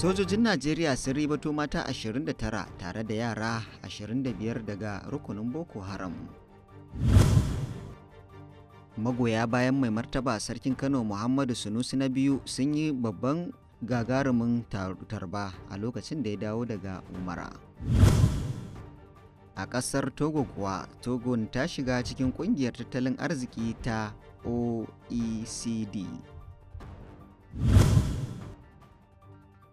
Sojojin Najeriya sun ribato mata 29 tare da yara 25 daga rukunin Boko Haram. Magoya bayan mai martaba Sarkin Kano Muhammadu Sunusi na biyu sun yi babban gagarumin tarba a lokacin da ya dawo daga Umara. A ƙasar Togo kuwa, Togon ta shiga cikin ƙungiyar tattalin arziki ta OECD.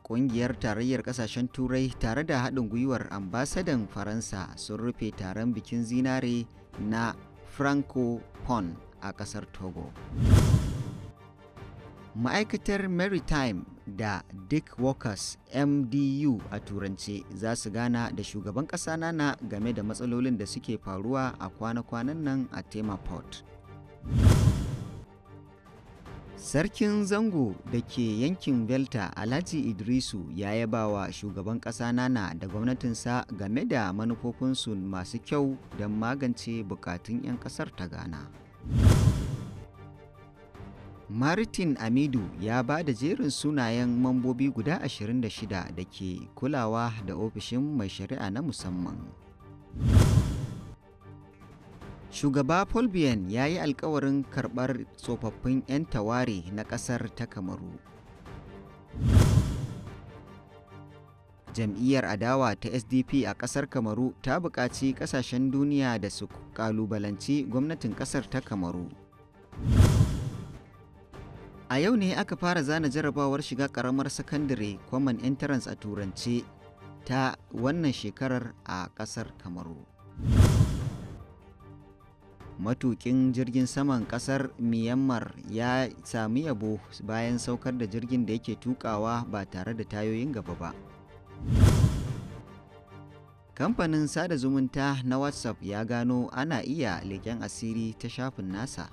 kungiyar Tarayyar kasashen Turai tare da haɗin gwiwar ambasadan Faransa sun rufe taron bikin zinare na Francophone a ƙasar Togo. Ma'aikatar Maritime da Dick Walkers MDU a Turance za su gana da shugaban ƙasa nana game da matsalolin da suke faruwa a kwana-kwanan nan a Tema Port. Sarkin Zango da ke yankin Belta Alhaji Idrisu ya yaba wa shugaban ƙasa Nana da gwamnatinsa game da manufofinsu masu kyau don magance bukatun 'yan ƙasar ta Ghana. Martin Amidu ya ba da jerin sunayen mambobi guda 26 da ke kulawa da ofishin mai shari'a na musamman. shugaba polbian ya yi alkawarin karɓar tsofaffin 'yan taware na ƙasar ta kamaru jam'iyyar adawa ta sdp a ƙasar kamaru ta buƙaci ƙasashen duniya da su ƙalubalanci gwamnatin ƙasar ta kamaru a yau ne aka fara zana jarabawar shiga ƙaramar sakandare common entrance a turance ta wannan shekarar a ƙasar kamaru matukin jirgin saman kasar myanmar ya sami yabo bayan saukar da jirgin da yake tukawa ba tare da tayoyin gaba ba kamfanin sada zumunta na whatsapp ya gano ana iya leƙen asiri ta shafin nasa